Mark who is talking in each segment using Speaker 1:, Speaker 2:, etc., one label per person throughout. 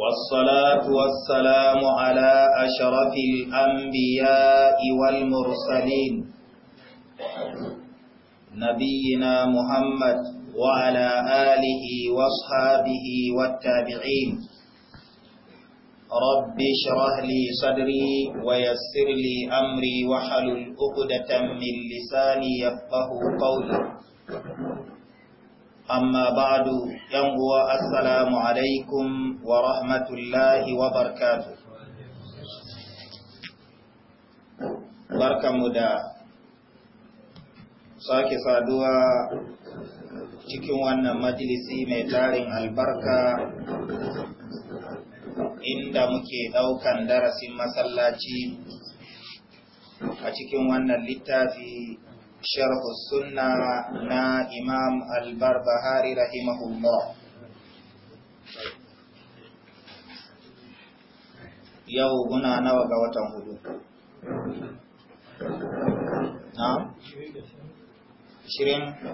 Speaker 1: والصلاة والسلام على أشرف الأنبياء والمرسلين نبينا محمد وعلى آله واصحابه والتابعين رب اشرح لي صدري ويسر لي أمري وحلل الأقدة من لساني يفقه قولي amma ba'du yan uwa assalamu alaikum wa rahmatullahi wa barkatu barkamu da sake saduwa cikin wannan majalisi mai tarin albarka inda muke daukan darasin masallaci a cikin wannan littafi شرح السنة نا إمام البربهاري رحمه الله يو هنا nawa ga نعم شرين na?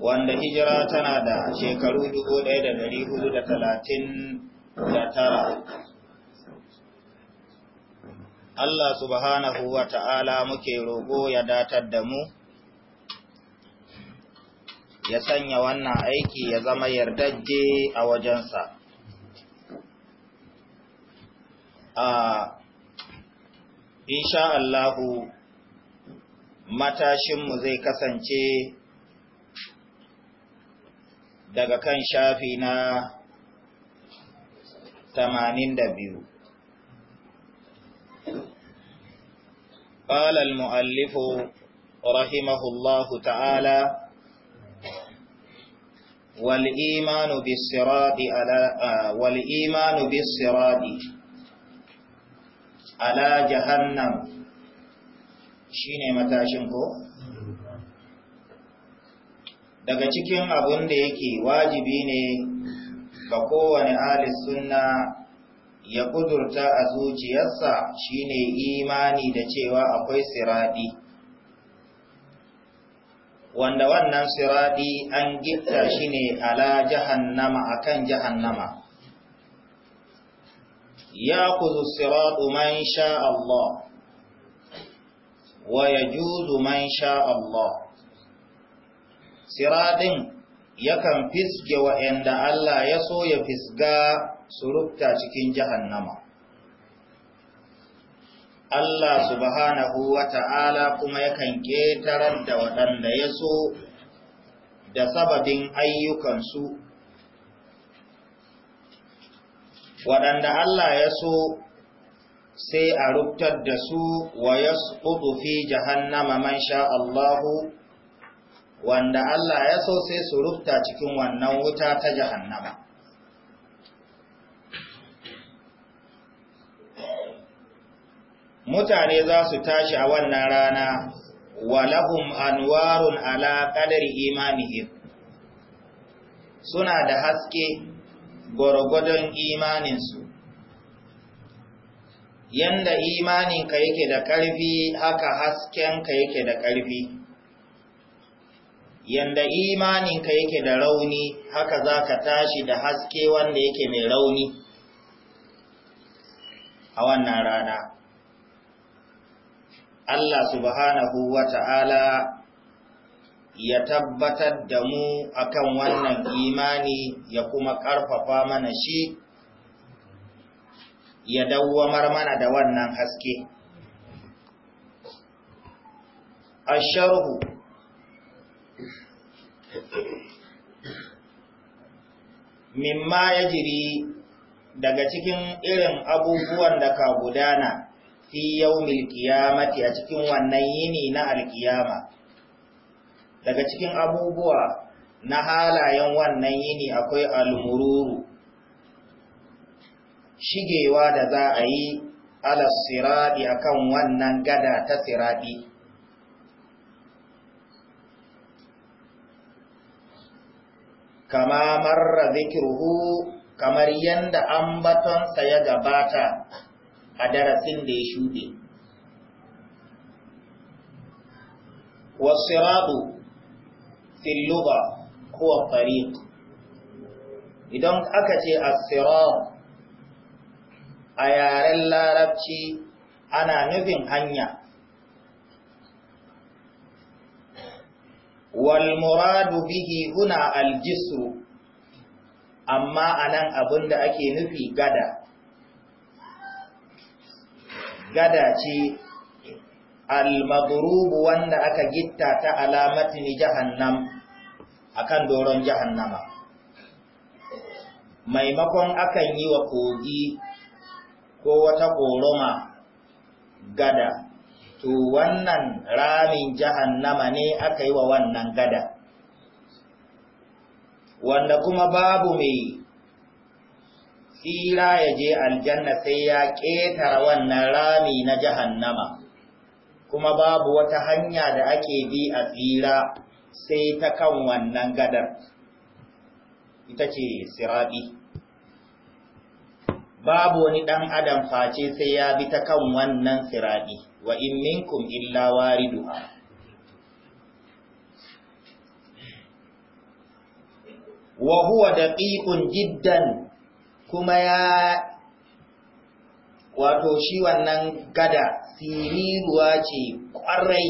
Speaker 1: wanda hijira tana da shekaru 1439 Allah subhanahu wa ta'ala muke rogo ya datar da mu, ya sanya wannan aiki ya zama yardajje a wajensa. A insha Allahu matashinmu zai kasance daga kan shafi na 82. قال المؤلف رحمه الله تعالى والإيمان بالصراط على والإيمان بالصراط على جهنم shine matashin ko daga cikin abun da yake wajibi ne ga kowane ahli sunna ya kudurta a zuciyarsa shine imani da cewa akwai siradi wanda wannan siradi an gitta shi ne ala jahannama akan jahannama ya kuzu siradu man sha Allah wa ya juzu man sha Allah siradin yakan fisge wa'yanda Allah ya so ya fisga su cikin jahannama. Allah subhanahu wa ta'ala kuma yakan ƙetarar da waɗanda ya so da sababin ayyukansu, waɗanda Allah ya so sai a rubtar da su wa ya fi jahannama man sha Allahu, wanda Allah ya so sai su rubta cikin wannan wuta ta jahannama. mutane za su tashi a wannan rana walahum anwarun ala qadri imanihim suna da haske imanin imaninsu yanda imaninka yake da ƙarfi haka haskenka yake da ƙarfi yanda imaninka yake da rauni haka zaka tashi da haske wanda yake mai rauni a wannan rana Allah subhanahu wa ya tabbatar da mu akan wannan imani ya kuma ƙarfafa mana shi ya dawwamar mana da wannan haske. Asharhu mimma ya jiri daga cikin irin abubuwan da ka gudana fi yawmil kiyamati a cikin wannan yini na alkiyama daga cikin abubuwa na halayen wannan yini akwai almururu shigewa da za a yi alasirabi akan wannan gada ta sirabi kama marra zikirhu kamar yadda ambatonsa ya gabata a darasin da ya shuɗe. Wasiradu fil ko fari idan aka ce a a yaren larabci ana nufin hanya Walmuradu muradu bihi huna aljisu. amma anan abinda ake nufi gada gada ce almadurubu wanda aka gitta ta alamatin jahannam akan doron jahannama maimakon akan yi wa kogi ko wata koroma gada to wannan ramin jahannama ne aka yi wa wannan gada wanda kuma babu mai tsira ya je aljanna sai ya ƙetara wannan rami na jahannama kuma babu wata hanya da ake bi a tsira sai ta kan wannan gadar ita ce sirabi babu wani ɗan adam face sai ya bi ta kan wannan sirabi wa in minkum illa duha. wa huwa daqiqun jiddan kuma ya wato shi wannan gada siriruwa ce kwarai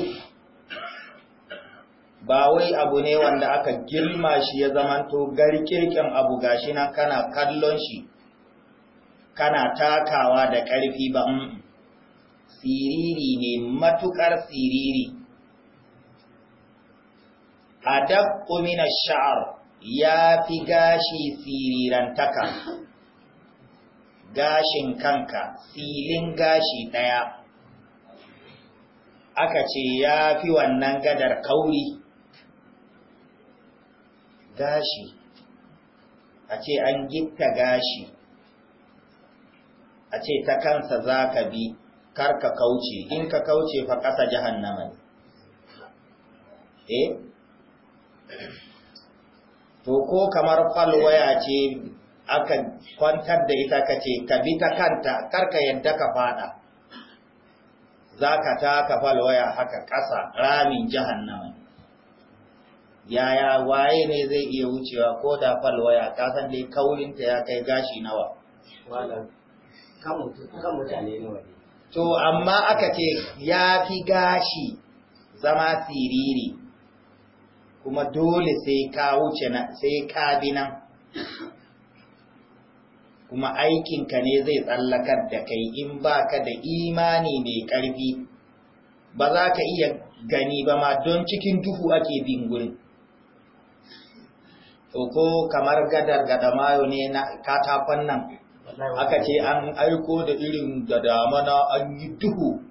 Speaker 1: ba wai abu ne wanda aka girma shi ya zamanto garkirkin abu gashi nan kana kallon shi kana takawa da ƙarfi ba siriri ne matukar siriri adab umina sha'ar ya fi gashi sirirantaka gashin kanka filin gashi ɗaya aka ce ya fi wannan gadar kauri gashi a ce an gitta gashi a ce ta kansa za ka bi karka kauce in ka kauce fa ƙasa jahannama ne eh to ko kamar falwaya ce aka kwantar da ita kace, ka bi ta kanta karka yadda ka fada za ka taka falwaya haka ƙasa ramin jahannama yaya waye ne zai iya wucewa ko da falwaya san dai kaurinta ya kai gashi nawa to amma aka ce ya fi gashi zama siriri kuma dole sai ka wuce sai ka bi nan kuma aikinka ne zai tsallakar da kai in ba ka da imani mai ƙarfi ba za ka iya gani ba ma don cikin duhu ake bin gurin to ko kamar gadar mayo ne na katakon nan aka ce an aiko da irin da mana an yi duhu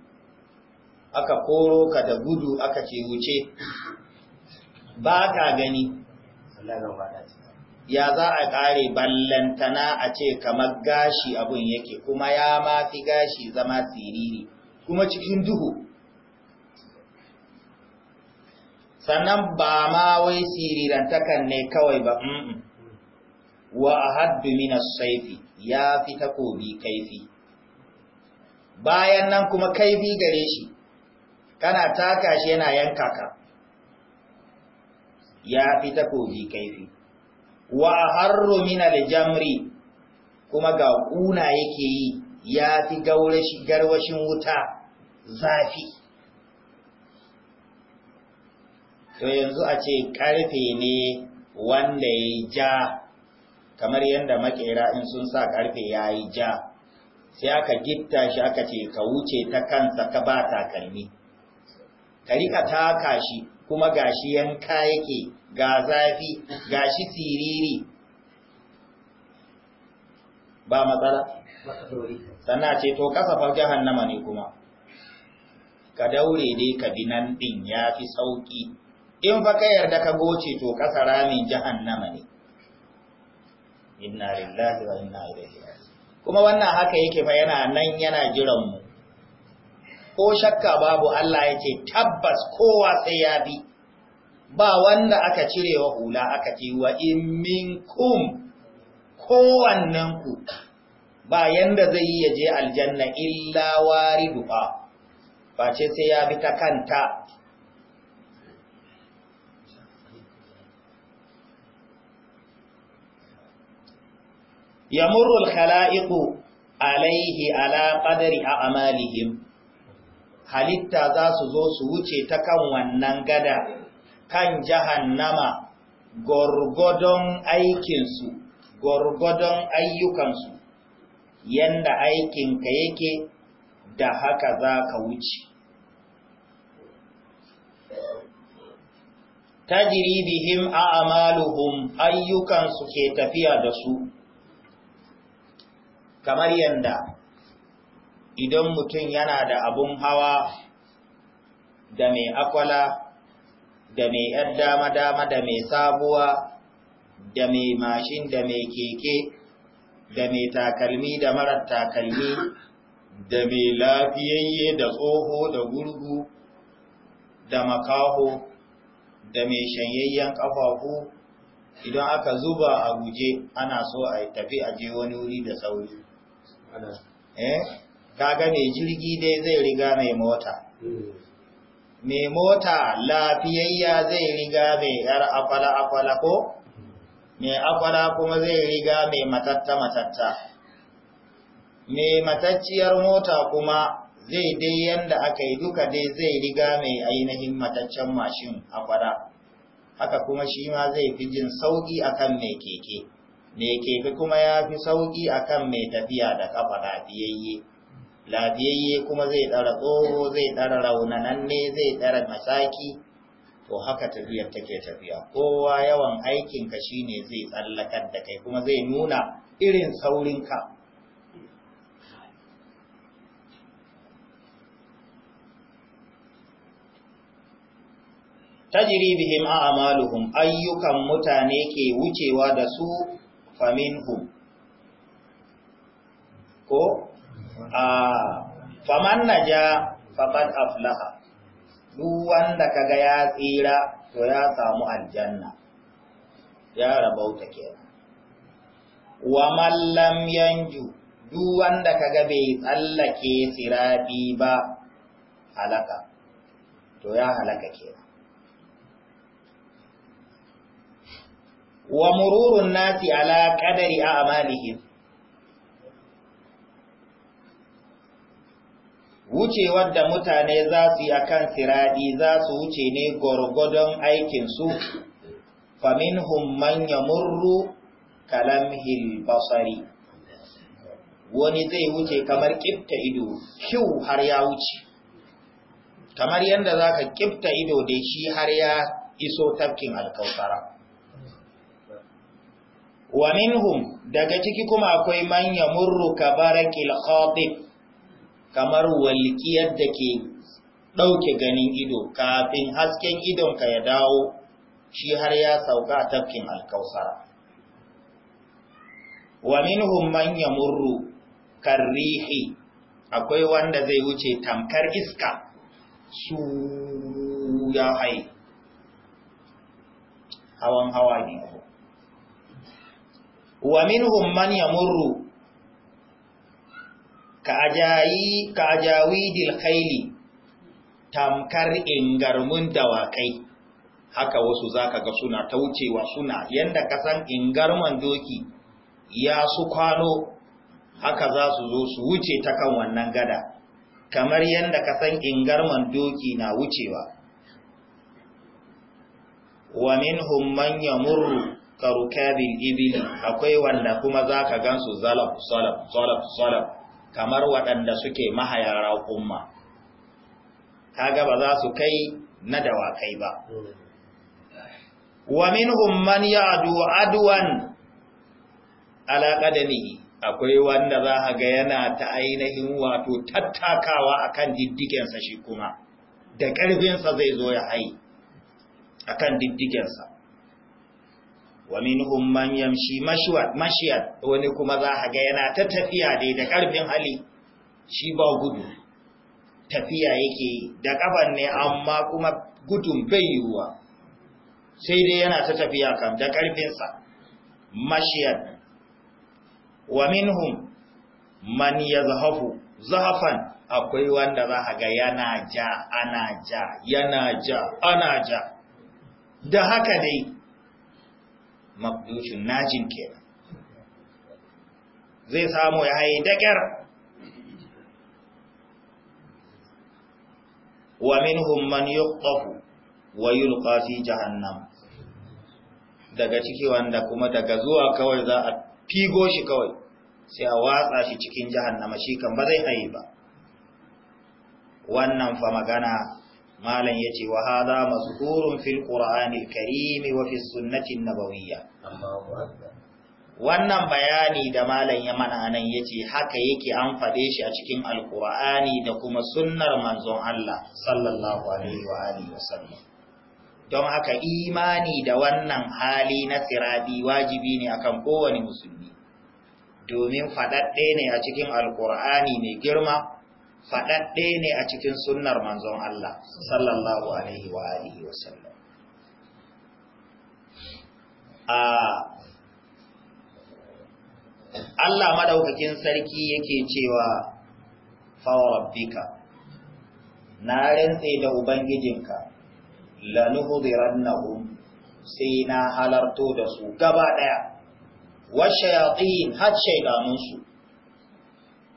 Speaker 1: aka koro ka da gudu aka ce wuce ba ka gani ya za a ƙare ballantana a ce kamar gashi abun yake kuma ya ma fi gashi zama siriri kuma cikin duhu sannan ba ma wai sirirantakan ne kawai ba wa a haddu as saifi, ya fi takobi kaifi bayan nan kuma kaifi gare shi kana taka shi yana yanka ka ya fi takobi kaifi wa harru min al-jamri kuma ga kuna yake yi ya fi garwashin wuta zafi to yanzu a ce karfe ne wanda ya ja kamar yadda makera in sun sa ƙarfe ya yi ja sai aka gitta shi aka ce ka wuce ta kansa ka ba takalmi ka rika taka shi kuma gashi yanka yake ga zafi gashi siriri ba matsala sannan ce to kasafar jahannama ne kuma ka daure dai ka bi nan din ya fi sauki in fa ka yarda ka goce to kasa ramin jahannama ne inna lillahi wa inna ilaihi kuma wannan haka yake fa yana nan yana jiran mu ko shakka babu Allah ya tabbas kowa sai ya bi ba wanda aka cirewa hula aka ce wa in minkum kowannen ku ba yanda zai yi je aljanna illa wariduha ba ce sai ya bi ta kanta yamurru al-khala'iqu alaihi ala qadri a'malihim halitta za su zo su wuce ta kan wannan gada kan jahannama gorgodon aikinsu gorgodon ayyukansu yanda aikinka yake da haka za ka wuce tajiri bihim a amaluhum ayyukansu ke tafiya da su kamar yanda idan mutum yana da abun hawa da mai akwala da mai ‘yar dama-dama da mai sabuwa da mai mashin da mai keke da mai takalmi da marar takalmi da mai lafiyayye da tsoho da gurgu da makaho da mai shanyayyen ƙafafu idan aka zuba a guje ana so a tafi a je wani wuri da sauri. kaga mai jirgi dai zai riga mai mota hmm. mai mota lafiyayya zai riga mai yar afala-afala ko hmm. mai afala kuma zai riga mai matatta-matatta mai matacciyar mota kuma zai dai yanda aka yi duka dai zai riga mai ainihin mataccen mashin afala haka kuma shi ma zai fi jin sauƙi akan mai keke mai keke kuma ya fi sauƙi akan mai tafiya da kafa lafiyayye labiyayye kuma zai ɗara tsoho zai ɗara ne zai tsara masaki to haka tafiyar take tafiya kowa yawan aikinka shine zai tsallakar da kai kuma zai nuna irin saurinka tajiri bihim a'maluhum ayyukan mutane ke wucewa da su faminhum ko Ah, faman na ja faɓar aflaha duk wanda ka ga ya tsira to ya samu aljanna ya rabauta kenan wa mallam yanju duk wanda ka ga bai tsallake tsirabi ba halaka to ya halaka kenan wa mururun nasi ala kadari a amalihim wucewar da mutane za su yi akan siradi za su wuce ne gwargwadon aikinsu famin humman ya murru kalam basari wani zai wuce kamar kifta ido kyau har ya wuce kamar yadda za ka kifta ido da shi har ya iso tafkin alkautara wa minhum daga ciki kuma akwai manya murru ka barakil khatib kamar walƙiyar da ke ɗauke ganin ido kafin hasken idonka ya dawo shi har ya sauka a tafkin alkausara. Wa minhum man yamurru karrihi akwai wanda zai wuce tamkar iska su ya hai hawan hawa ne. Wa minhum man yamurru ka ajawidil khaili tamkar ingarmun dawakai haka wasu zaka ga suna ta wucewa suna yanda in ingarman doki ya su kwano haka za su zo su wuce ta kan wannan gada kamar yanda in ingarman doki na wucewa wa minhum man yamurru karukabil ibili akwai wanda kuma zaka gansu zalab salab salab salab kamar waɗanda suke mahaya raƙumma kaga ba za su kai na dawakai ba wa minhum man ya'du adwan ala akwai wanda za ka ga yana ta ainihin wato tattakawa akan diddigensa shi kuma da ƙarfinsa zai zo ya hai akan diddigensa wa minhum man yamshi mashiyat wani kuma za a ga yana ta tafiya dai da ƙarfin hali shi ba gudu tafiya yake da kaban ne amma kuma gudun bai yiwuwa sai dai yana ta tafiya kam da ƙarfinsa mashiyat wa minhum man yazhafu zahafan akwai wanda za a ga yana ja ana ja yana ja ana ja da haka dai mabdushin najin kenan zai samu ya haye dagar wa minhum man yuqtafu wa yulqa fi jahannam daga ciki wanda kuma daga zuwa kawai za a figo shi kawai sai a watsa shi cikin jahannama shi kan ba zai haye ba wannan fa magana malam yace wa hadha mazkurun fil al karim wa fi an nabawiyya wannan bayani da malam ya mana nan yace haka yake an fade shi a cikin al-qur'ani da kuma sunnar manzon Allah sallallahu alaihi wa alihi wasallam don haka imani da wannan hali na sirabi wajibi ne akan kowane musulmi domin faɗaɗɗe ne a cikin alkur'ani mai girma faɗaɗɗe ne a cikin sunnar manzon Allah sallallahu alaihi wa alihi wa sallam Allah madaukakin sarki yake cewa rabbika na rantse da ubangijinka lanuhdirannahum sai na halarto da su gaba daya washayatin har su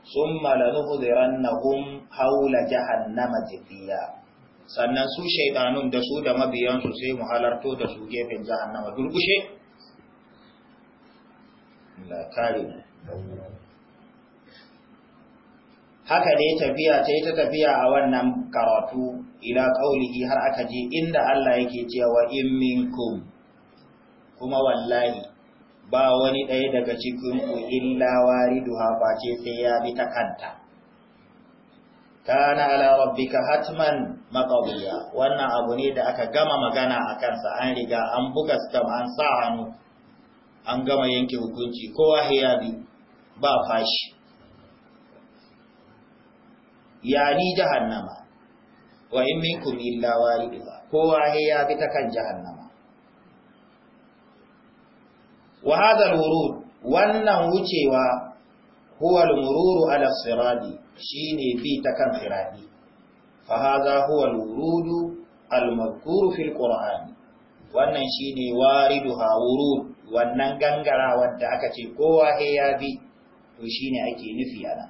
Speaker 1: summa lanuhdirannahum haula jahannama jifiya sannan su shaidanun da su da mabiyansu sai mu halarto da su gefen jahannama durkushe la kare haka dai tafiya ta yi ta tafiya a wannan karatu ila ƙaulihi har aka je inda Allah yake cewa in minkum kuma wallahi ba wani ɗaya daga cikin ku illa wariduha face sai ya bi ta kanta kana ala rabbika hatman maqdiya wannan abu ne da aka gama magana a kansa an riga an buga stam an sa hannu an gama yanke hukunci kowa ya bi ba fashi yani jahannama wa in minkum illa wariduha kowa ya bi ta kan jahannama wa wurud wannan wucewa huwa al-mururu ala sirati shine bi ta kan sirati fa hadha huwa al-wurudu al mazkur fi al-qur'an wannan shine wariduha wurud wannan gangara wanda aka ce kowa he ya bi to shine ake nufi ana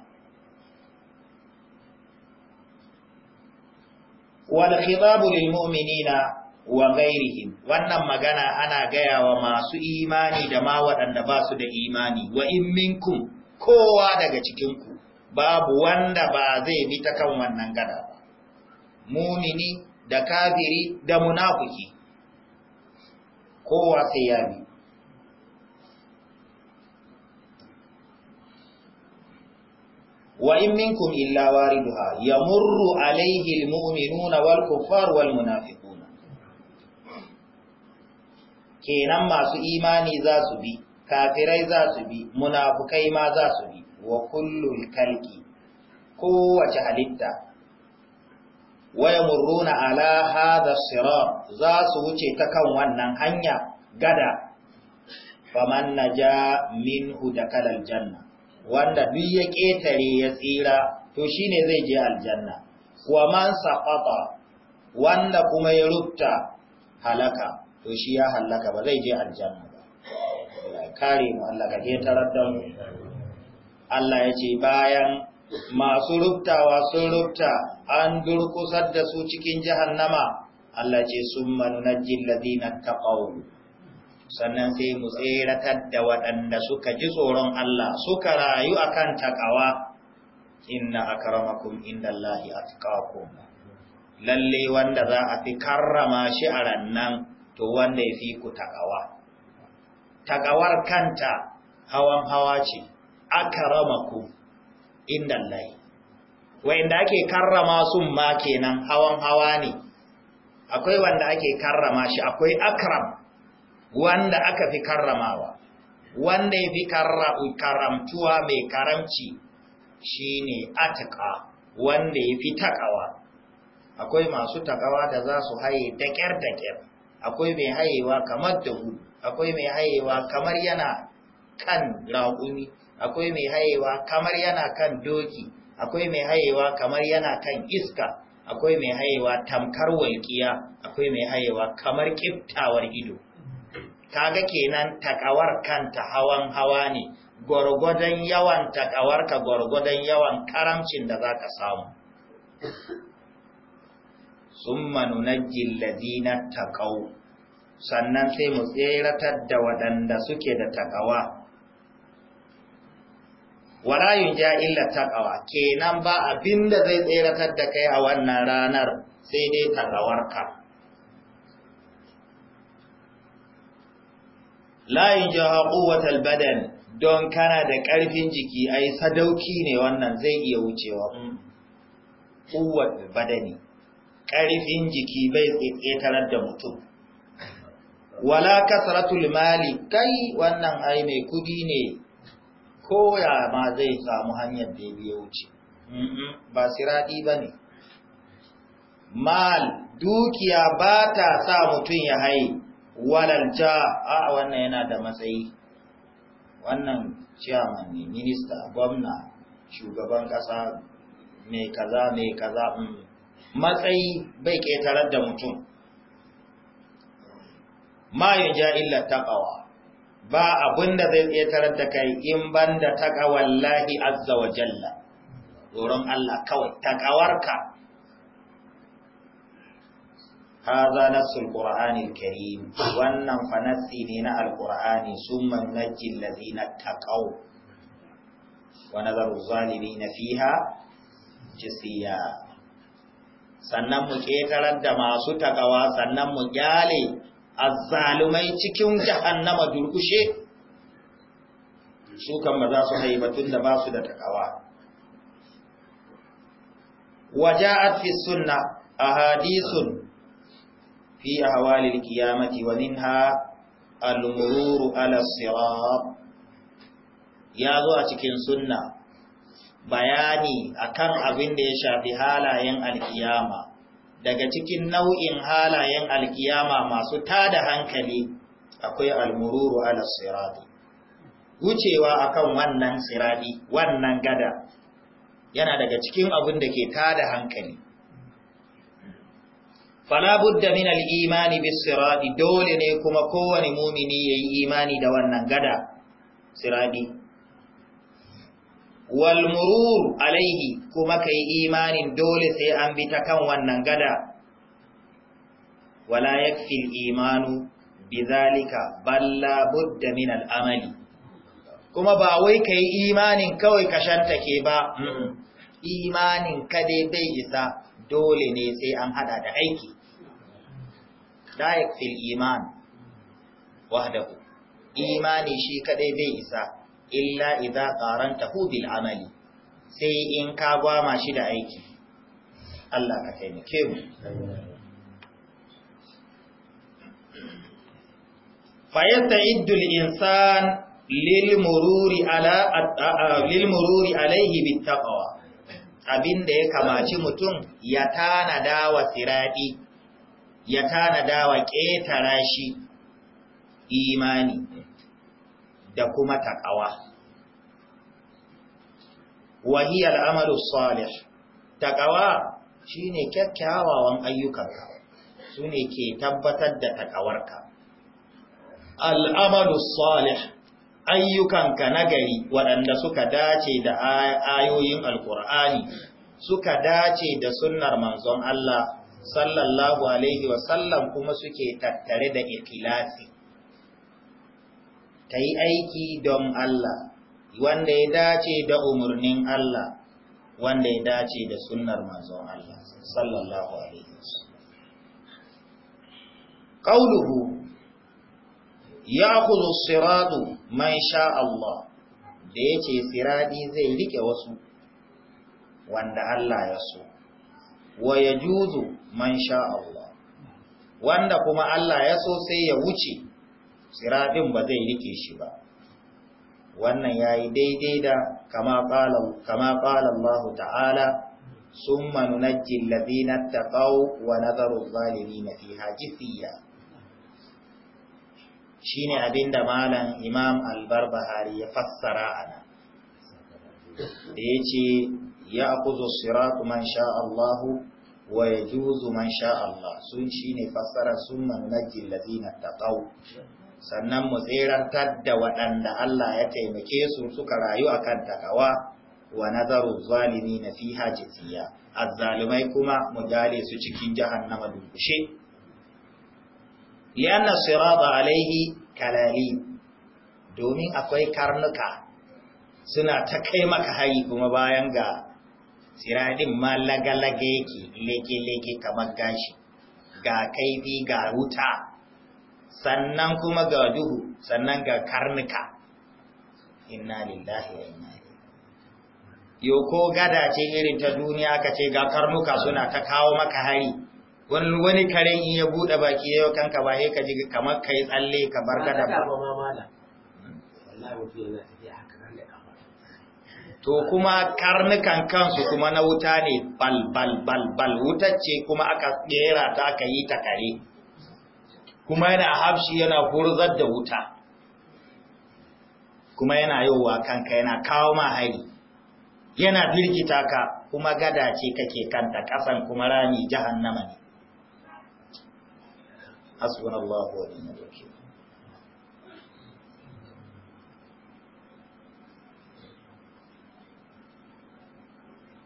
Speaker 1: wal khitabu lil mu'minina wa gairihim wannan magana ana gaya wa masu imani da ma waɗanda ba su da imani wa in minkum kowa daga cikinku babu wanda ba zai bi ta kan wannan gada ba mumini da kafiri da munafiki kowa sai ya bi wa in minkum illa wariduha yamurru alaihi almu'minuna wal kuffar wal munafiq kenan masu imani za su bi kafirai za su bi munafukai ma za su bi wa kullum kalki kowace halitta waya murruna ala hadha sirat za su wuce ta kan wannan hanya gada faman naja min dakala aljanna wanda duk ya ƙetare ya tsira to shine zai je aljanna wa man saqata wanda kuma ya rubta halaka to shi ya hallaka ba zai je aljanna ba kare mu Allah ka je tarar da mu Allah ya ce bayan masu rubtawa sun rubta an durkusar da su cikin jahannama Allah ce sun manunajin ladina taqaw sannan sai mu tseratar da waɗanda suka ji tsoron Allah suka rayu a akan takawa inna akramakum indallahi atqakum lalle wanda za a fi karrama shi a rannan to wanda ya fi ku takawa takawar kanta hawan hawa ce ku, inda lai. wanda ake karrama sun ma kenan hawan hawa ne akwai wanda ake karrama shi akwai akram wanda aka fi karramawa wanda ya fi karamtuwa mai karamci shine ataka wanda ya fi takawa akwai masu taƙawa da za su haye daƙer-daƙer akwai mai hayewa kamar da akwai mai hayewa kamar yana kan raƙumi akwai mai hayewa kamar yana kan doki akwai mai hayewa kamar yana kan iska akwai mai hayewa tamkar walƙiya akwai mai hayewa kamar kiftawar ido kaga kenan takawar kanta hawan hawa ne gwargwadon yawan takawarka gwargwadon yawan karamcin da za ka samu summa nunajjil ladina taqaw sannan sai mu tseratar da waɗanda suke da takawa wala yunja illa taqawa kenan ba abinda zai tseratar da kai a wannan ranar sai dai takawarka la yunja quwwatal badan don kana da ƙarfin jiki ai sadauki ne wannan zai iya wucewa hmm. quwwatul badani ƙarfin jiki bai ƙetarar da mutum wala kasaratul mali kai wannan ai mai kudi ne ya ma zai samu hanyar da ya wuce ba siradi ba ne mal dukiya ba ta sa mutum ya haye walalta a wannan yana da matsayi wannan chairman ne minista gwamna shugaban ƙasa, mai kaza mai kaza mm. matsayi bai ƙetarar da mutum mayun ja illa taƙawa ba abin da zai ƙetarar da kai in ban da taƙawar lahi azza wa jalla tsoron Allah kawai taƙawarka haza nassul qur'anil karim wannan fa ne na alqur'ani summa najjil ladina taqaw wa nadharu zalimin fiha jisiya sannan mu ƙetarar da masu takawa sannan mu gyale azzalumai cikin jahannama durkushe su kan ba za su haibatun da ba su da takawa a fi a hadisun fi a hawalin kiyamati wani ha mururu ala ya zo a cikin suna. bayani akan abin da ya shafi halayen alkiyama daga cikin nau'in halayen alkiyama masu tada hankali akwai almururu ala sirati wucewa akan wannan sirati wannan gada yana daga cikin abin da ke tada hankali fala budda min al-imani bis sirati dole ne kuma kowane mumini yayi imani da wannan gada sirati wal murur alaihi kuma ka yi imanin dole sai an bi ta kan wannan gada wala yakfil imanu bizalika balla budda min al'amali kuma ba wai ka yi imanin kawai ka shantake ba imanin ka dai bai isa dole ne sai an hada da aiki la yakfil iman wahdahu imani shi kadai bai isa illa idza qarantahu bil amali sai in ka gwama shi da aiki Allah ka taimake mu fa yasta'iddu insan lil mururi ala lil mururi abinda ya kamaci mutum ya tanada wa ya tanada wa ƙetara shi imani da kuma taƙawa. Wahi al'amalu salih, taƙawa shi ne kyakkyawawan ayyukanka, su ne ke tabbatar da taƙawarka. Al'amalu salih, ayyukanka nagari waɗanda suka dace da ayoyin Alƙur'ani, suka dace da sunnar manzon Allah, sallallahu Alaihi wasallam kuma suke tattare da ikilasi. ta yi aiki don Allah, wanda ya dace da umarnin Allah, wanda ya dace da sunnar manzon Allah, sallallahu Alaihi wasallam. ya kuzo siratu man sha Allah, da ya ce siradi zai riƙe wasu, wanda Allah ya so, wa ya juzu man sha Allah, wanda kuma Allah ya so sai ya wuce. siraɗin ba zai rike shi ba wannan yayi daidai da kama qala Allah ta'ala summa nunajji alladhina ƙau wa nadharu adh-dhalimin fiha Shi ne abinda malam Imam al ya fassara ana da yace ya akuzu siratu man sha Allahu wa yajuzu man sha Allah sun ne fassara summa nunajji alladhina ƙau. sannan mu tsirantar da waɗanda Allah ya taimake su suka rayu a kan takawa wa nazaru zalimi na fi hajjiya azzalumai kuma mu jale su cikin jahannama dubushe liyanna siraba alaihi kalali domin akwai karnuka suna ta kai maka hayi kuma bayan ga siradin ma lagalaga yake leke-leke kamar gashi ga kaifi ga wuta sannan kuma ga duhu sannan ga karnuka inna lillahi wa inna ilaihi ko gada ce irin ta duniya aka ce ga karnuka suna ta kawo maka hari wani wani karen in ya bude baki yayo kanka ba sai ka ji kamar kai tsalle ka bar gada ba to kuma karnukan kansu kuma na wuta ne bal bal bal bal wutar ce kuma aka tsera ta aka yi ta kare kuma yana hafshi yana furzar da wuta kuma yana yowa kanka yana kawo ma hari yana birkita ka kuma gada ce kake kanta kasan kuma rami jahannama ne hasbunallahu wa ni'mal wakeel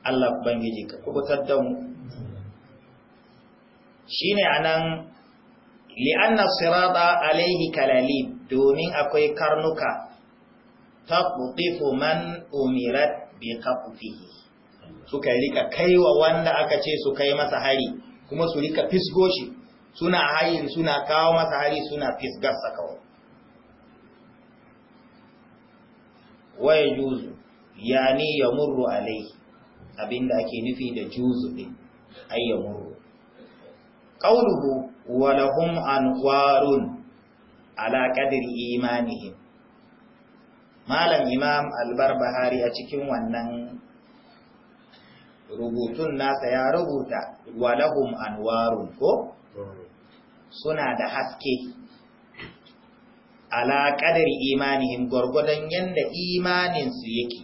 Speaker 1: Allah Ubangiji ka kubutar da mu. Shi ne a li'anna sirata alaihi kalali domin akwai karnuka ta ƙuɗifu man umirat bi ƙaƙufihi suka rika kaiwa wanda aka ce su kai masa hari kuma su rika fisgo shi suna hayin suna kawo masa hari suna fisgarsa kawai waye juzu yani ya murru alaihi abinda ake nufi da juzu ɗin ai ya murru walahum anwarun ala qadri imanihim malam imam albarbahari a cikin wannan rubutun nasa ya rubuta walahum anwarun ko suna da haske ala qadri imanihim gurgudan yanda imaninsu su yake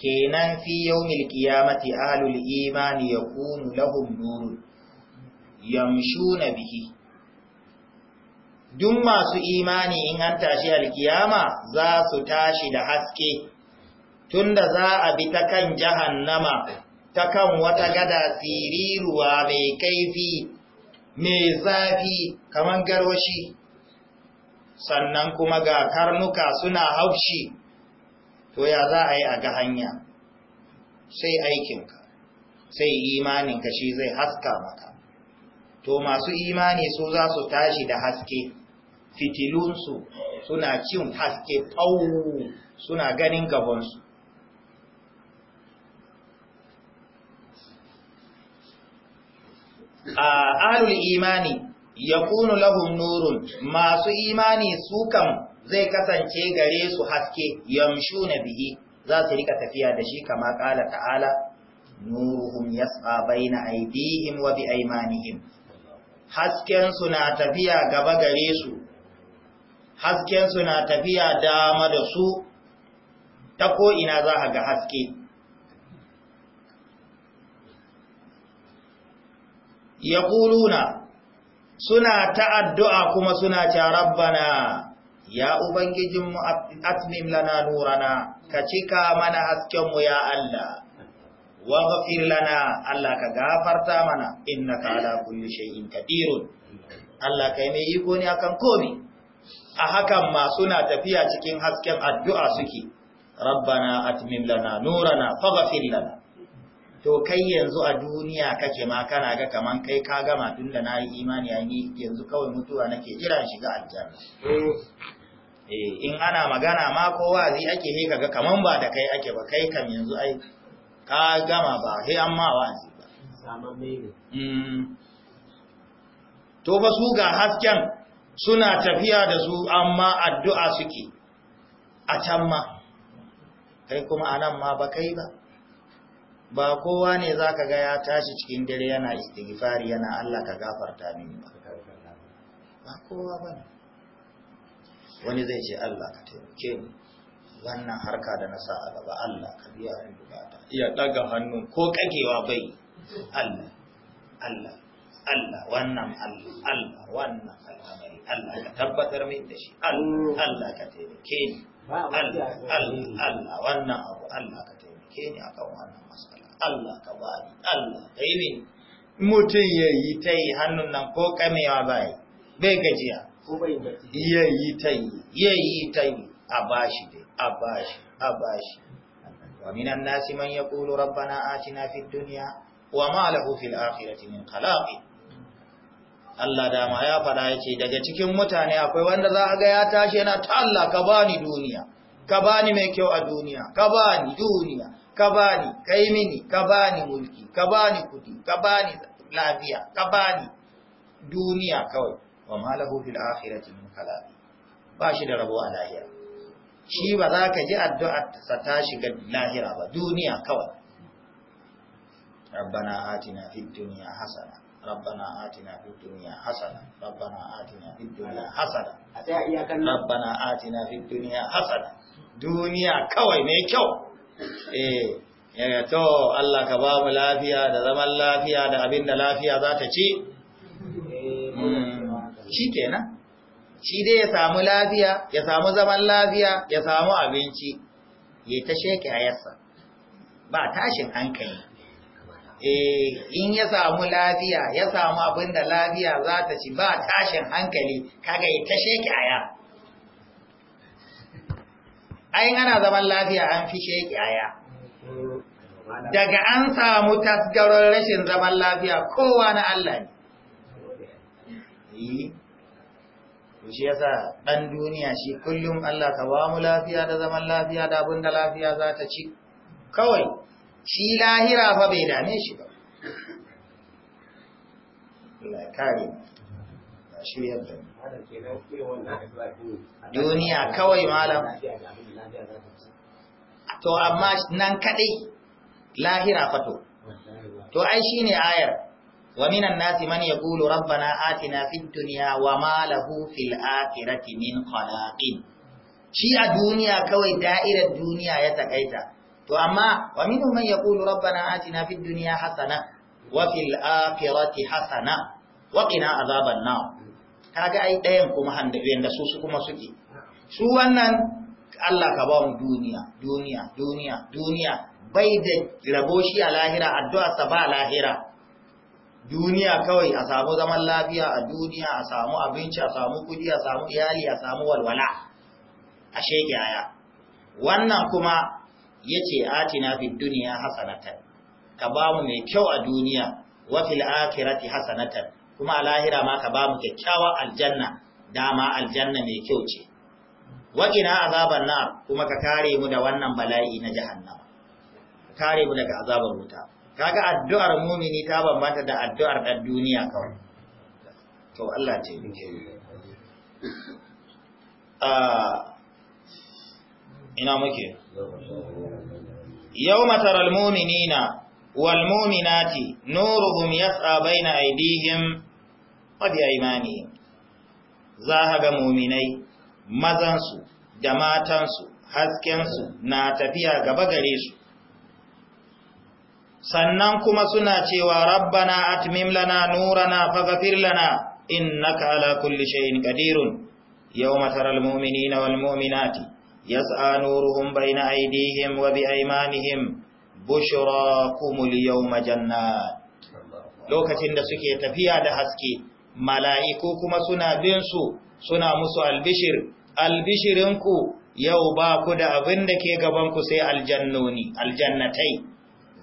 Speaker 1: kenan fi yawmil qiyamati ahlul imani yakunu lahum nurun yamshuna bihi duk masu imani in an tashi alkiyama za su tashi da haske tunda za a bi ta kan jahannama ta kan wata gada siriruwa mai kaifi mai zafi kamar garwashi sannan kuma ga karnuka suna haushi to ya za a yi a ga hanya sai aikinka sai imaninka shi zai haska maka to masu imani su za su tashi da haske fitilunsu suna cin haske tsawo suna ganin gabansu ahlul imani kunu lahum nurun masu imani su kan zai kasance gare su haske yamshu na bihi za su rika tafiya da shi kama kala ta'ala nuruhum yas'a baina aydihim wa bi aymanihim haskensu na tafiya gaba gare su haskensu na tafiya dama da su ta ko'ina za a ga haske ya suna ta'addu'a kuma suna ce rabbana ya Ubangijinmu atmim lana nurana ka cika mana haskenmu ya Allah wa ghafir lana Allah ka gafarta mana innaka ala kulli shay'in kadirun. Allah kai mai iko ne akan komai a hakan ma suna tafiya cikin hasken addu'a suke rabbana atmim lana nurana faghfir lana to kai yanzu a duniya kake ma kana ga kaman kai ka gama tun da nayi imani yayi yanzu kawai mutuwa nake jira shiga aljanna in ana magana ma kowa zai ake ne kaga kaman ba da kai ake ba kai kam yanzu ai ka gama ba he an ma ba mm. to ba su ga hasken suna tafiya da su amma addu'a suke a can ma kai kuma anan ma ba kai ba ba kowa ne zaka ga ya tashi cikin dare yana istighfari yana Allah ka gafarta mini ba ba kowa ba wani zai ce Allah ka taimake mu wannan harka da na sa a gaba Allah ka biya min bukata iya daga hannun ko kagewa bai Allah Allah Allah wannan Allah Allah wannan al'amari Allah ka tabbatar min da shi Allah Allah ka taimake ni Allah Allah Allah wannan abu Allah ka taimake ni akan wannan masala Allah ka bani Allah ka yi min mutum ya yi ta yi hannun nan ko kamewa bai bai gajiya ya yi ta yi ya yi ta yi a bashi da a bashi wa minan nasi man yaqulu rabbana atina fid dunya wa ma lahu fil akhirati min Allah dama ya faɗa yace daga cikin mutane akwai wanda za a ga ya tashi yana ta Allah ka bani duniya ka bani mai kyau a duniya ka bani duniya ka bani kai mini ka bani mulki ka bani kudi ka bani lafiya ka bani duniya kawai wa ma lahu fil akhirati min khalaq ba shi da rabo a lahira shi ba za ka ji addu'ar ta shiga lahira ba duniya kawai rabbana atina fid dunya hasana ربنا آتنا في الدنيا حسنة a duniya duniya kawai mai kyau eh ya eh, to Allah ka ba mu lafiya da zaman lafiya da abinda lafiya za ta ci eh, hmm, shikenan shi dai ya samu lafiya ya samu zaman lafiya ya samu abinci ya ta sheke hayarsa ba tashin hankali eh in ya samu lafiya ya samu abin da lafiya za ta ci ba tashin hankali kaga ya ta sheke haya ayin ana zaman lafiya an fi sheke haya daga an samu tasgaron rashin zaman lafiya kowa na Allah ne eh, to shi yasa dan duniya shi kullum Allah ka ba mu lafiya da zaman lafiya da abin da lafiya za ta ci kawai shi lahira fa bai dame shi ba Allah kare ba shiryar da duniya kawai malam to amma nan kadai lahira fa to to ai shine ayar wa minan nasi man yaqulu rabbana atina fid dunya wa lahu fil min khalaqin shi a duniya kawai da'irar duniya ya takaita to amma wa minhum man yaqulu rabbana atina fid dunya hasana wa fil akhirati hasana wa qina azaban nar kaga kuma handa da su kuma suke su wannan Allah ka ba mu duniya, duniya, duniya, duniya, bai da rabo shi a lahira, addu'a sa ba lahira, duniya kawai a samu zaman lafiya a duniya a samu abinci a samu kudi a samu iyali a samu walwala a shegiyaya wannan kuma ya ce atina fi duniya hasanatan ka ba mu mai kyau a duniya wa fil akhirati hasanatan kuma a lahira ma ka ba mu kyakkyawa aljanna dama aljanna mai kyau ce wa qina azaban nar kuma ka kare mu da wannan bala'i na jahannama kare mu daga azabar wuta kaga addu'ar mumini ta bambanta da addu'ar ɗan duniya kawai to Allah ce muke ah, ina muke yau mataral muminina wal muminati nuruhum yas'a baina aidihim wa bi aymanihim za ga muminai mazansu da matansu haskensu na tafiya gaba gare su sannan kuma suna cewa rabbana atmim lana nurana faghfir lana innaka ala kulli shay'in qadirun yawma taral mu'minina wal mu'minati yas'a nuruhum bayna aydihim wa bi aymanihim bushrakumul yawma jannat lokacin da suke tafiya da haske mala'iku kuma suna bin su suna musu albishir albishirinku yau ba ku da abin da ke gabanku sai aljannoni aljannatai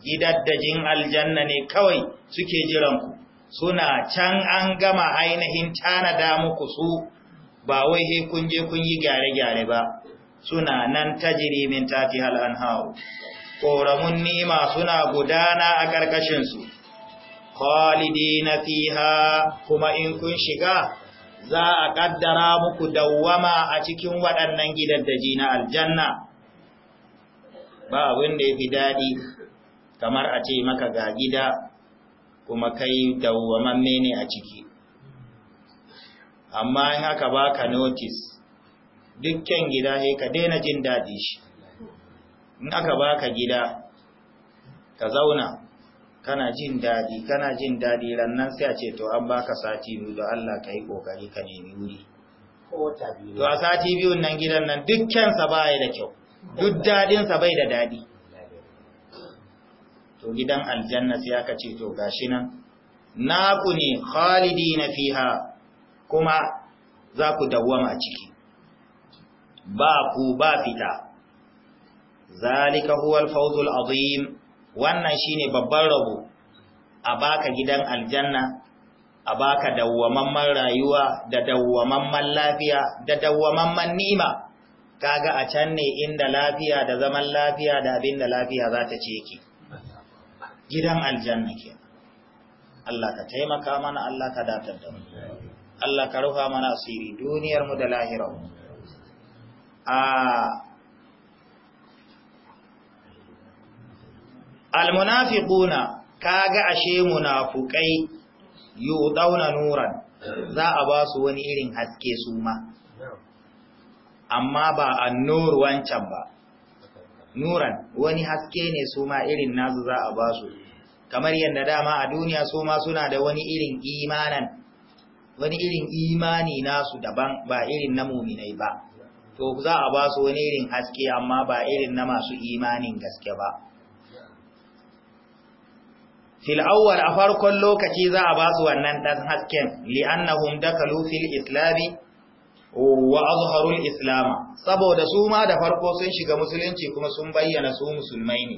Speaker 1: gidaddajin aljanna ne kawai suke jiran ku. suna can an gama ainihin tanada muku su ba wai he kun je kun yi gyare-gyare ba suna nan tajiri min tafi hal anhaw Ƙoramun nima suna gudana a karkashin su khalidina fiha kuma in kun shiga za a ƙaddara muku dawwama a cikin waɗannan gidaddaji na aljanna ba wanda ya fi daɗi kamar a ce maka ga gida kuma kai dawwamamme ne a ciki amma in aka baka notice dukkan gida sai ka daina jin daɗi shi in aka baka gida ka zauna kana jin daɗi kana jin daɗi rannan sai a ce to an baka sati biyu da Allah ka yi ƙoƙari ka nemi wuri to a sati biyun nan gidan nan dukkansa ba da kyau duk daɗinsa bai da daɗi to gidan aljanna sai aka ce to gashi nan ku ne khalidina fiha kuma za ku dawwama a ciki ba ku ba fita zalika huwa fawzul azim wannan shine babban rabo a baka gidan aljanna a baka dawwamamman rayuwa da dawwamamman lafiya da dawwamamman nima kaga a can ne inda lafiya da zaman lafiya da abinda lafiya za ta ce ki gidan aljanna ke Allah ka taimaka mana Allah ka datar da mu Allah ka rufa mana asiri duniyar mu da lahirar mu a almunafiquna kaga ashe munafukai yudauna nuran za a ba su wani irin haske su ma amma ba annur wancan ba nuran wani haske ne su ma irin nasu za a ba su kamar yadda dama a duniya su ma suna da wani irin imanan wani irin imani nasu daban ba irin na muminai ba to za a ba su wani irin haske amma ba irin na masu imanin gaske ba fil awwal a farkon lokaci za a ba su wannan ɗan hasken li'annahum dakalu fil islami wa azharul islam saboda su ma da farko sun shiga musulunci kuma sun bayyana su musulmai ne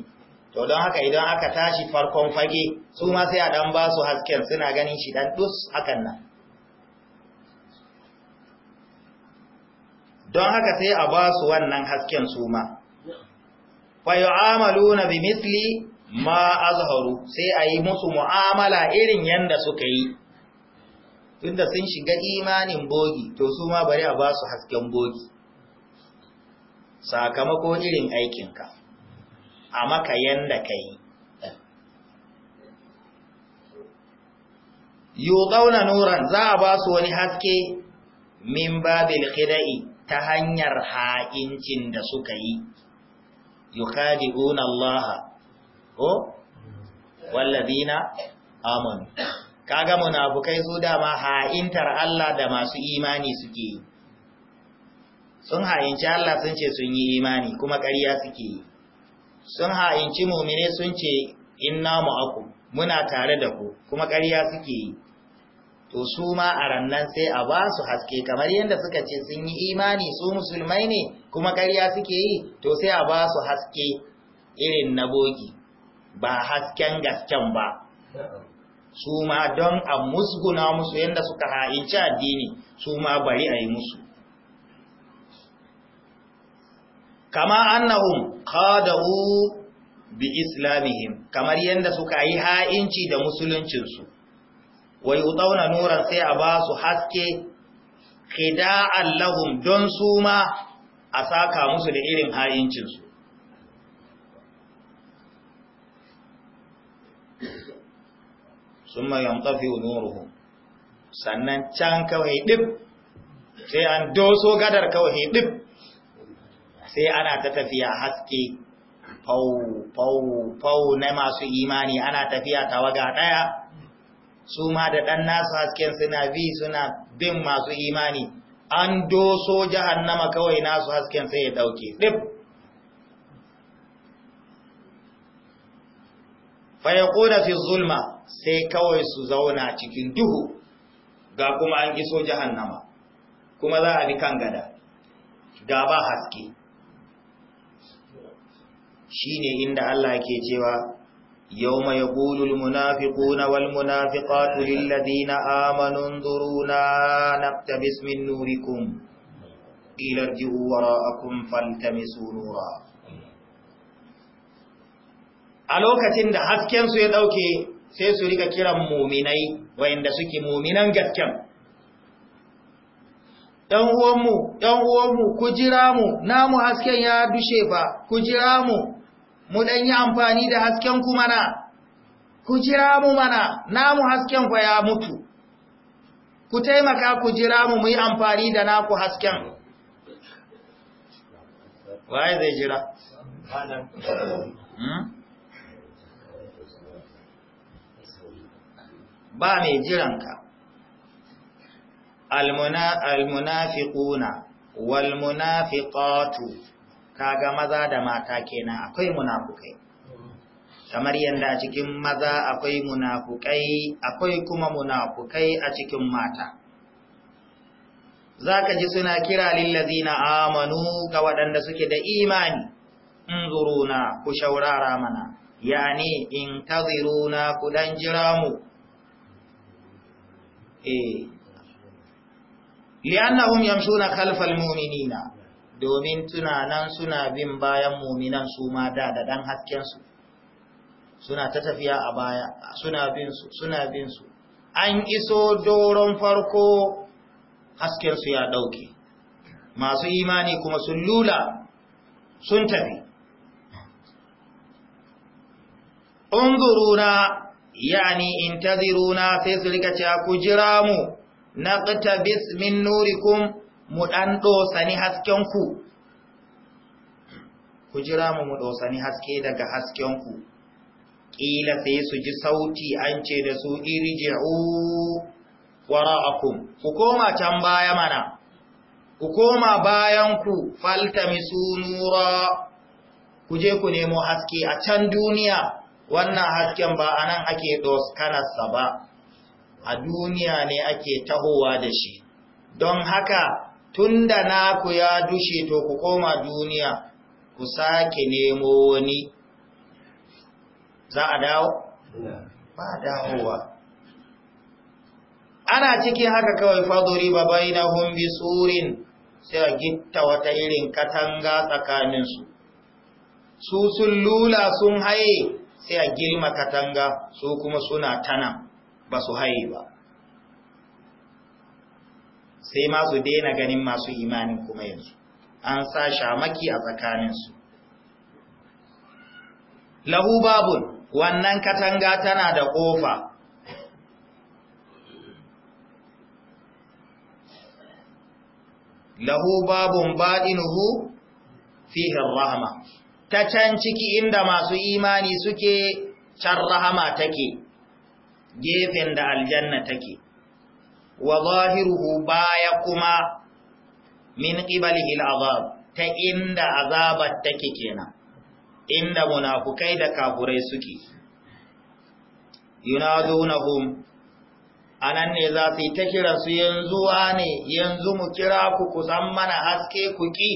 Speaker 1: to don haka idan aka tashi farkon fage su ma sai a dan ba hasken suna ganin shi dan dus hakan nan don haka sai a basu wannan hasken su ma fa yu'amaluna bi misli ma azharu sai a yi musu mu'amala irin yanda suka yi tunda sun shiga imanin bogi to su ma bari a ba su hasken bogi sakamako irin aikinka a maka yanda ka yi yuqauna nuran za a ba su wani haske min babil khida'i ta hanyar ha'incin da suka yi yukhadi'una Allah ko wallazina amanu kaga munafukai su dama ha'intar Allah da masu imani suke yi sun ha'inci Allah sun ce sun yi imani kuma ƙarya suke yi sun ha'inci mumine sun ce inna mu'akum muna tare da ku kuma ƙarya suke yi to su ma a rannan sai a ba su haske kamar yadda suka ce sun yi imani su musulmai ne kuma ƙarya suke yi to sai a ba su haske irin na bogi ba hasken gasken ba su ma don a musguna musu yadda suka ha'inci addini su ma bari a yi musu kama annahum qadahu bi islamihim kamar yadda suka yi ha'inci da musuluncinsu wa yutauna nuran sai a ba su haske khida'an lahum don su ma a saka musu da irin ha'incinsu summa yamtafi nuruhum sannan can kawai dip sai an doso gadar kawai dip sai ana ta tafiya haske fau fau fau na masu imani ana tafiya tawaga ɗaya, su ma da dan nasu hasken suna bi suna bin masu imani an doso jahannama kawai nasu hasken sai ya dauke dip fayakuna fi zulma sai kawai su zauna cikin duhu ga kuma an iso jahannama kuma za a bi kan gada ga ba haske shi ne inda Allah ke cewa yau mai gulul munafiku na wal munafika turin ladina amanin zuruna na tabismin nurikun ilar jihuwara akun fantami a lokacin da hasken su ya dauke sai su rika kiran muminai wayanda suke muminan gasken dan uwanmu dan uwanmu ku jira mu namu hasken ya dushe fa ku jira mu mu dan yi amfani da hasken ku mana ku jira mu mana namu hasken fa ya mutu ku taimaka ku jira mu mu yi amfani da naku hasken waye zai jira ba mai jiranka almunafiquna walmunafiƙatu kaga maza da mata kenan akwai munafukai kamar yanda a cikin maza akwai munafukai akwai kuma munafukai a cikin mata zaka ji suna kira na amanu ga waɗanda suke da imani inzuruna ku shaurara mana yani intaziruna ku dan jira mu eh li'annahum yamshuna khalfal mu'minina domin tunanan suna bin bayan mu'minan su ma da da dan hasken su suna ta tafiya a baya suna bin su suna bin su an iso doron farko hasken su ya dauke masu imani kuma sun lula sun tafi unzuruna yani intaziruna sai su rika cewa ku jira mu naqtabis min nurikum mu dan dosani hasken ku ku jira mu mu dosani haske daga hasken ku kila sai su ji sauti an ce da su irji'u wara'akum ku koma can baya mana ku koma bayan ku faltamisu nura ku je ku nemo haske a can duniya wannan hasken ba a nan ake doskanarsa ba a duniya ne ake tahowa da shi don haka tunda naku ya dushe to ku koma duniya ku sake nemo wani za a dawo? ba dawowa ana cikin haka kawai faduri ba bai na hunbi surin sai a gitta wata irin katanga tsakaninsu su sun lula sun haye sai a girma katanga su kuma suna tana ba su haye ba sai ma su daina ganin masu imanin kuma yanzu an sa shamaki a tsakaninsu lahu babun wannan katanga tana da ƙofa lahu babun baɗinuhu fihin rahama ta can ciki inda masu imani suke can rahama take gefen da aljanna take wa zahiruhu baya kuma min qibalihi al'azab ta inda azabar take kenan inda munafukai da kafurai suke yunadunahum anan ne za su yi ta kira su yanzu ne yanzu mu kira ku ku san mana haske ku ki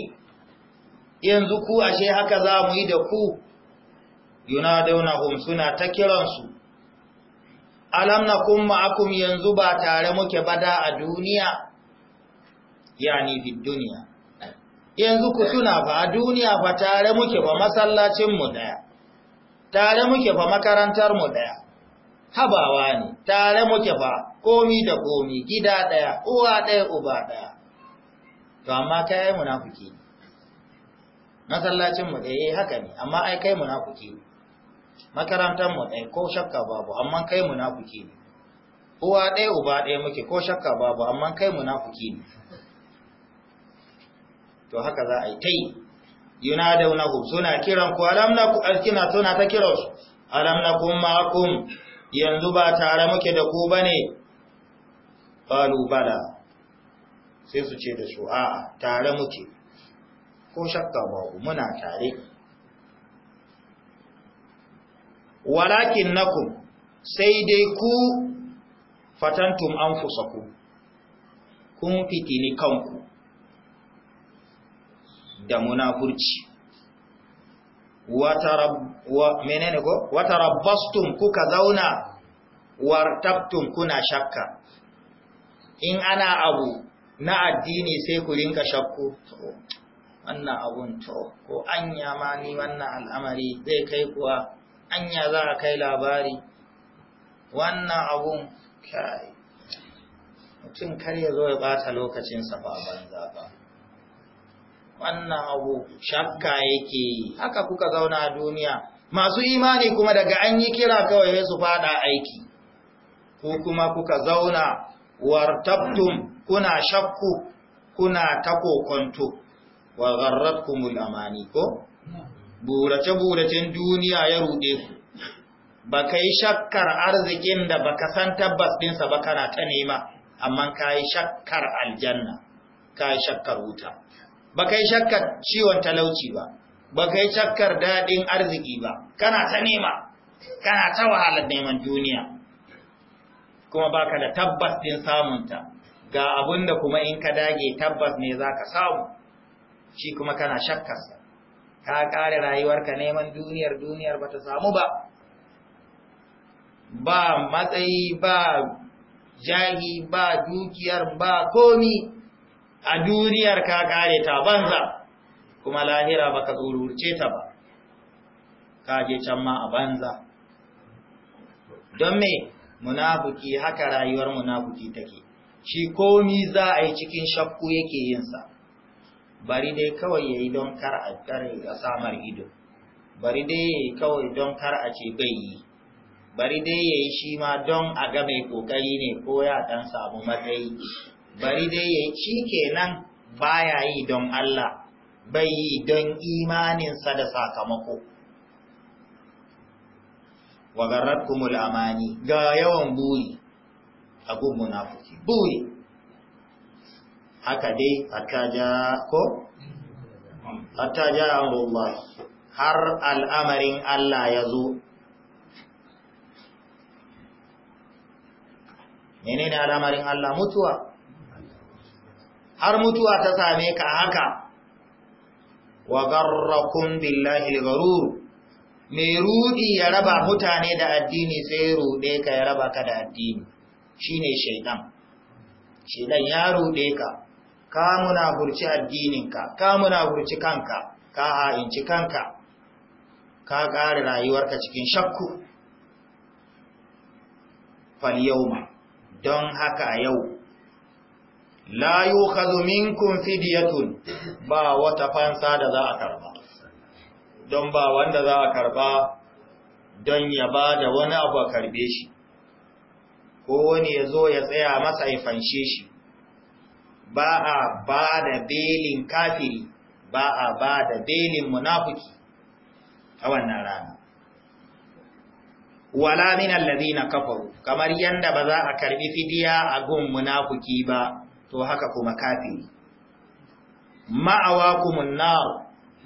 Speaker 1: yanzu ku ashe haka za mu yi da ku Yuna yunadawnahum suna ta kiransu alam nakum ma'akum yanzu ba tare muke bada a duniya yani fi duniya yanzu ku tuna fa a duniya fa tare muke fa masallacinmu daya tare muke fa makarantar mu daya habawa ne tare muke fa komi da komi gida daya uwa daya uba daya to amma kai munafiki masallacin mu dai eh, haka ne amma ai kai munafiki ne makarantar mu dai ko shakka babu amma kai munafiki ne uwa dai uba ɗaya muke ko shakka babu amma kai munafiki ne to haka za a yi tai yunadunahum suna kiran ku alam na kina suna ta kiran su alam nakum ma'akum yanzu ba tare muke da ku bane qalu bala sai su ce da su a'a tare muke ko shakka babu muna tare
Speaker 2: walakin nakum
Speaker 1: sai dai ku fatantum anfusakum kun fitini kanku da munafurci wata rabbastun kuka zauna wartabtun kuna shakka in ana abu na addini sai ku rinka shakku wannan abun to ko anya ma ni wannan al'amari zai kai kuwa anya za a kai labari wannan abun kai mutum kar ya zo ya bata lokacinsa ba banza ba wannan abu shakka yake haka kuka zauna a duniya masu imani kuma daga an yi kira kawai su fada aiki ko kuma kuka zauna wartabtum kuna shakku kuna ta kokonto wa gharrakumul amani ko burace-buracen duniya ya rude ku ba ka yi shakkar arzikin da ba ka san tabbas din sa ba kana ta nema amma ka yi shakkar aljanna ka yi shakkar wuta ba ka yi shakkar ciwon talauci ba ba ka yi shakkar daɗin arziki ba kana ta nema kana ta wahalar neman duniya kuma ba ka da tabbas ɗin samunta ga abin da kuma in ka dage tabbas ne za ka samu shi kuma kana shakkarsa ka kare rayuwarka neman duniyar duniyar ba ta samu ba ba matsayi ba jahi ba dukiyar ba komi a duniyar ka kare ta banza kuma lahira ba ka tsururce ta ba ka je can ma a banza don me munafuki haka rayuwar munafuki take shi komi za a yi cikin shakku yake yinsa bari dai kawai yayi don kar a kare a samar ido bari dai yayi kawai don kar a ce bai yi bari dai yayi yi shi ma don a ga mai kokari ne ko ya dan samu matsayi bari dai yayi shi kenan baya yi don Allah bai yi don imaninsa da sakamako wa garrakumul amani ga yawan buri a munafiki buri haka dai hatta ja ko hatta ja har al'amarin Allah ya zo Mene ne al'amarin Allah mutuwa har mutuwa ta same ka haka wa garrakun billahi garuru. mai rudi ya raba mutane da addini sai rude ka ya raba ka da addini Shi ne shaidan shaidan ya rude ka ka munafurci addininka ka munafurci kanka ka ha'inci kanka ka ƙare rayuwarka cikin shakku fal yawma don haka a yau la yukhadhu minkum fidyatun ba wata fansa da za a karba don ba wanda za a karba don ya ba da wani abu a karbe shi ko wani ya zo ya tsaya masa ya fanshe shi ba a ba da belin kafiri ba a ba da belin munafuki a wannan rana wala min allazina kafaru kamar yadda ba za a karbi fidiya a gun munafuki ba to haka kuma kafiri ma'awakumun nar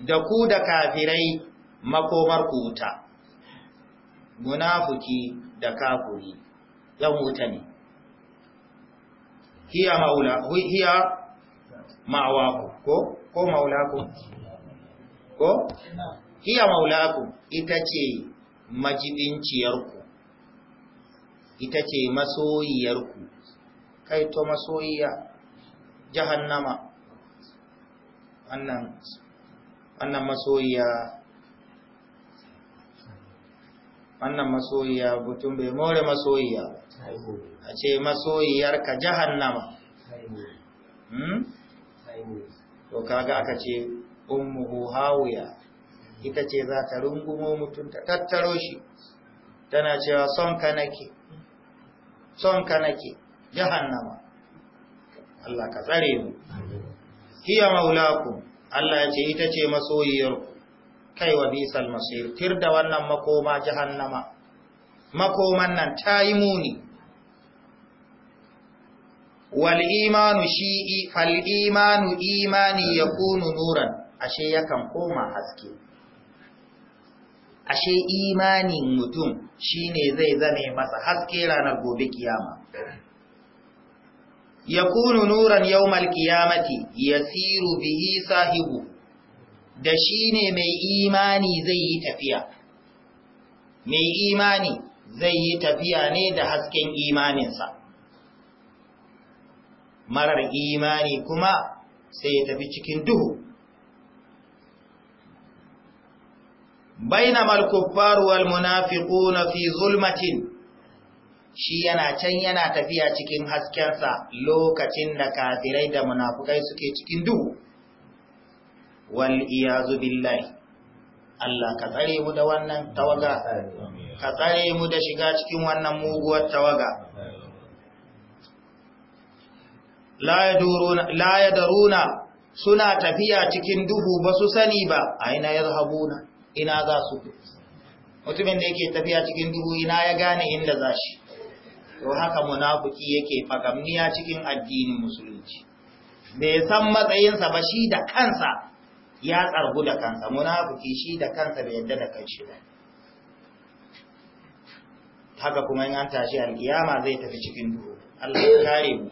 Speaker 1: da ku da kafirai makomar ku wuta munafuki da kafuri yan wuta ne hiya maula hiya ma'awaku ko ko maulaku ko hiya maulaku ita ce majibinciyarku ita ce masoyiyarku kai to masoyiya jahannama wannan annan masoyiya annan masoyiya butun bai more masoyiya a ce masoyiyarka jahannama hmm? to kaga aka ce ummuhu hawiya ita ce za ta rungumo mutum ta tattaro shi tana cewa son ka nake son ka nake jahannama Allah ka tsare mu hiya maulaku Allah ya ce ita ce masoyiyar kai wa bisal masir tir da wannan makoma jahannama makoman nan ta yi muni wal imanu shi'i fal nuran ashe yakan koma haske ashe imanin mutum shine zai zame masa haske ranar gobe kiyama kunu nuran yawmal qiyamati yasiru bihi sahibu da shine mai imani zai yi tafiya mai imani zai yi tafiya ne da hasken imaninsa marar imani kuma sai ya tafi cikin duhu bayna al-kuffaru wal munafiquna fi zulmatin shi yana can yana tafiya cikin haskensa lokacin da kafirai da munafukai suke cikin duhu wal iyazu billahi Allah ka tsare mu da wannan tawaga ka tsare mu da shiga cikin wannan muguwar tawaga la daruna suna tafiya cikin duhu ba su sani ba A ina aina yadhhabuna ina za su mutumin da yake tafiya cikin duhu ina ya gane inda za shi to haka munafuki yake fagamniya cikin addinin musulunci bai san matsayinsa ba shi da kansa ya tsargu da kansa Munafuki shi da kansa bai yadda da kan shi ba haka kuma in an tashi alkiyama zai tafi cikin duhu Allah ya kare mu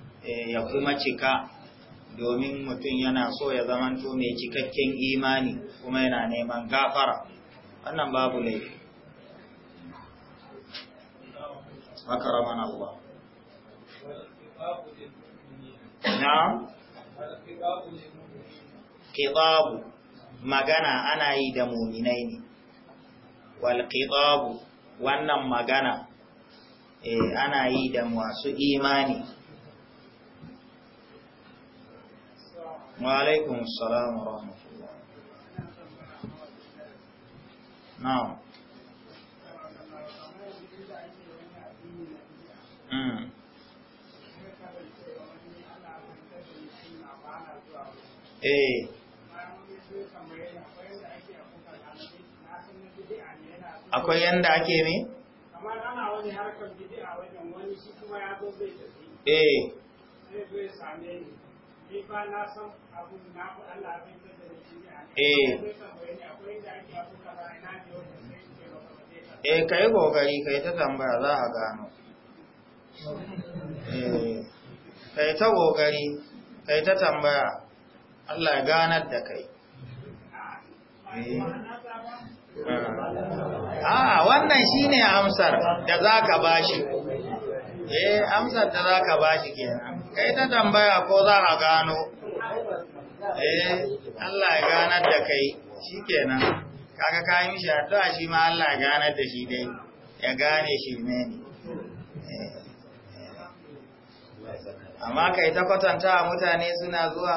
Speaker 1: Eh, ya kuma cika domin mutum yana so ya zamanto mai cikakken imani kuma yana neman gafara wannan babu laifi akaraman Allah na babu magana ana yi da muminai ne wal kibabu wannan magana eh, ana yi da masu imani وعليكم السلام ورحمة الله نعم ايه akwai yanda ake ne? kamar ana wani harkar gidi a wajen wani shi kuma ya zo zai tafi eh zai zo ya same ni Eh. eh, ka yi ƙoƙari ka yi ta tambaya za a gano. Eh, ka yi ta ƙoƙari ka yi ta tambaya Allah ya ganar da kai. Eh. A ah, wannan shi ne amsar da za ka bashi. Eh, amsar da za ka bashi kenan. kai ta tambaya ko za a gano eh Allah ya ganar da kai kenan kaga kai mishi addu'a shi ma Allah ya ganar da shi dai ya gane shi ne eh. amma kai ta kwatanta mutane suna zuwa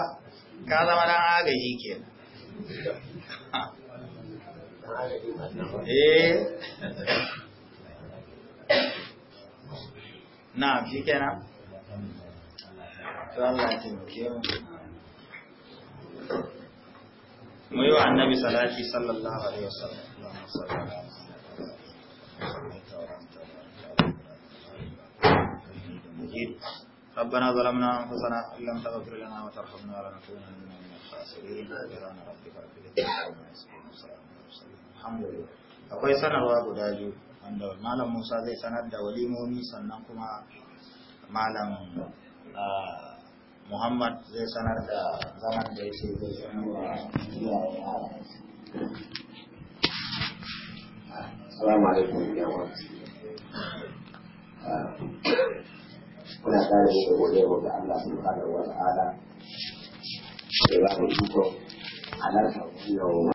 Speaker 1: ka zama dan agaji kenan eh na shi kenan mu yi wa annabi salati sallallahu alaihi wasallam ربنا ظلمنا انفسنا ان لم تغفر لنا وترحمنا لنكونن من الخاسرين سبحان ربك رب العزه الحمد لله akwai sanarwa guda biyu wanda malam Musa zai sanar da walimomi sannan kuma malam ah, Muhammad zai sanar da zaman da yake zai sanarwa iyayen yara. Salamu alaikum yawa. Kuna ƙara yi da gode wa Allah sun fara wa ta'ala sai za mu iko halarta wannan